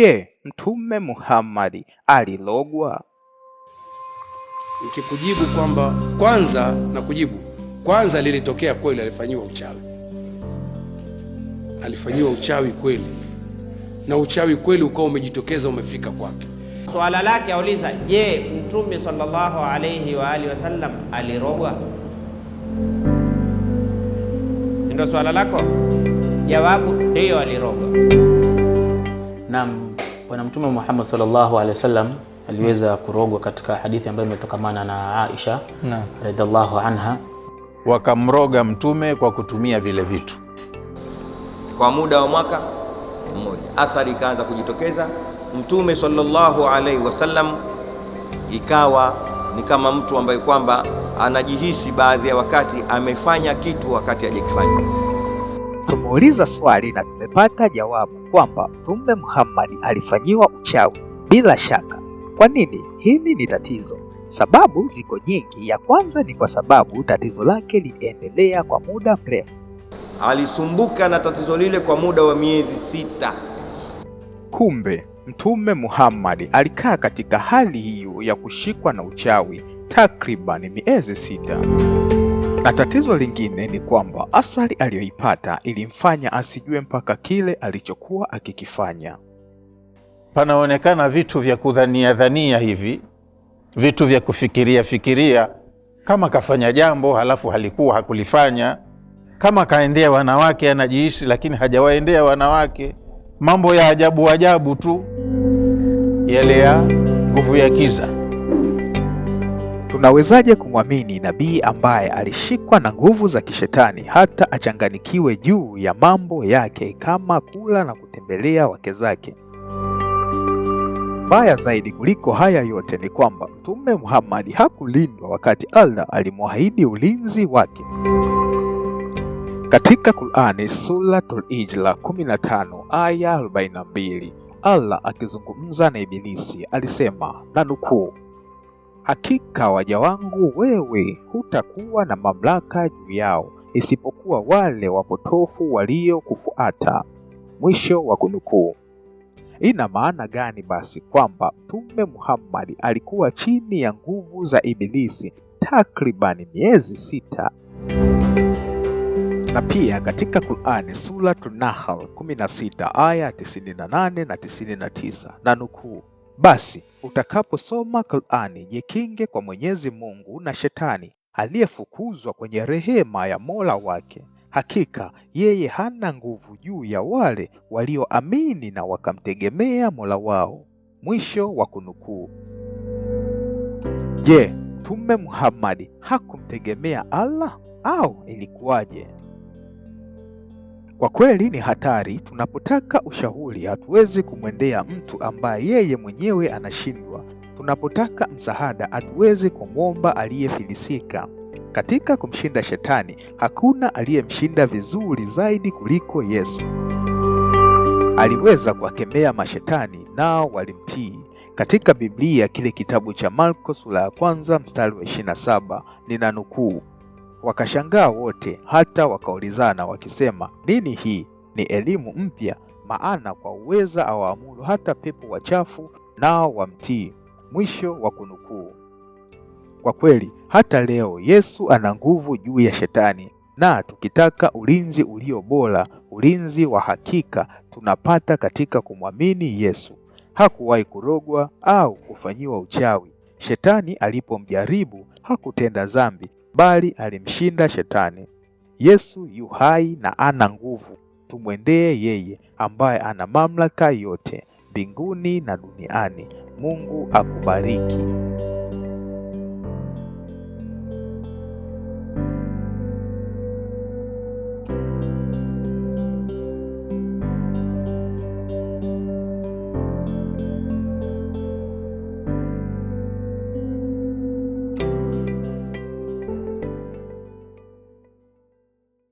Je, Mtume Muhammad alilogwa? Nikikujibu kwamba kwanza na kujibu kwanza, lilitokea kweli, alifanyiwa uchawi, alifanyiwa uchawi kweli, na uchawi kweli ukawa umejitokeza umefika kwake. Swala lake auliza, je, Mtume sallallahu alayhi wa alihi wasallam alirogwa? Si ndio swala lako? Jawabu ndiyo, alirogwa. Naam, Bwana Mtume Muhammad sallallahu alaihi wasallam aliweza kurogwa katika hadithi ambayo imetokamana na Aisha radhiallahu anha, wakamroga Mtume kwa kutumia vile vitu kwa muda wa mwaka mmoja. Athari ikaanza kujitokeza Mtume sallallahu alaihi wasallam ikawa ni kama mtu ambaye kwamba anajihisi baadhi ya wakati amefanya kitu wakati hajakifanya tumeuliza swali na tumepata jawabu kwamba Mtume Muhammad alifanyiwa uchawi. Bila shaka, kwa nini hili ni tatizo? Sababu ziko nyingi. Ya kwanza ni kwa sababu tatizo lake liliendelea kwa muda mrefu. Alisumbuka na tatizo lile kwa muda wa miezi sita. Kumbe Mtume Muhammad alikaa katika hali hiyo ya kushikwa na uchawi takriban miezi sita. Na tatizo lingine ni kwamba athari aliyoipata ilimfanya asijue mpaka kile alichokuwa akikifanya. Panaonekana vitu vya kudhania dhania hivi, vitu vya kufikiria fikiria, kama kafanya jambo halafu halikuwa hakulifanya, kama kaendea wanawake anajiishi, lakini hajawaendea wanawake, mambo ya ajabu ajabu tu yale ya nguvu ya kiza unawezaje kumwamini nabii ambaye alishikwa na nguvu za kishetani hata achanganikiwe juu ya mambo yake kama kula na kutembelea wake zake? Mbaya zaidi kuliko haya yote ni kwamba Mtume Muhammad hakulindwa wakati Allah alimwahidi ulinzi wake. Katika Qur'ani Suratul Ijla 15 aya 42, Allah akizungumza na Ibilisi alisema na nukuu Hakika waja wangu wewe hutakuwa na mamlaka juu yao, isipokuwa wale wapotofu waliokufuata. Mwisho wa kunukuu. Ina maana gani basi kwamba Mtume Muhammad alikuwa chini ya nguvu za Ibilisi takribani miezi sita? Na pia katika Qur'ani sura An-Nahl 16 aya 98 na 99 na nukuu basi utakaposoma Qur'ani jikinge kwa Mwenyezi Mungu na Shetani aliyefukuzwa kwenye rehema ya Mola wake. Hakika yeye hana nguvu juu ya wale walioamini na wakamtegemea Mola wao. Mwisho wa kunukuu. Je, Mtume Muhammad hakumtegemea Allah au ilikuwaje? Kwa kweli ni hatari. Tunapotaka ushauri, hatuwezi kumwendea mtu ambaye yeye mwenyewe anashindwa. Tunapotaka msaada, hatuwezi kumwomba aliyefilisika. Katika kumshinda Shetani, hakuna aliyemshinda vizuri zaidi kuliko Yesu. Aliweza kuwakemea mashetani nao walimtii. Katika Biblia, kile kitabu cha Marko sura ya kwanza mstari wa 27, ninanukuu: nukuu: Wakashangaa wote hata wakaulizana wakisema, nini hii? Ni elimu mpya, maana kwa uweza awaamuru hata pepo wachafu nao wamtii. Mwisho wa kunukuu. Kwa kweli hata leo Yesu ana nguvu juu ya Shetani, na tukitaka ulinzi ulio bora, ulinzi wa hakika, tunapata katika kumwamini Yesu. Hakuwahi kurogwa au kufanyiwa uchawi. Shetani alipomjaribu hakutenda dhambi, bali alimshinda Shetani. Yesu yu hai na ana nguvu. Tumwendee yeye ambaye ana mamlaka yote mbinguni na duniani. Mungu akubariki.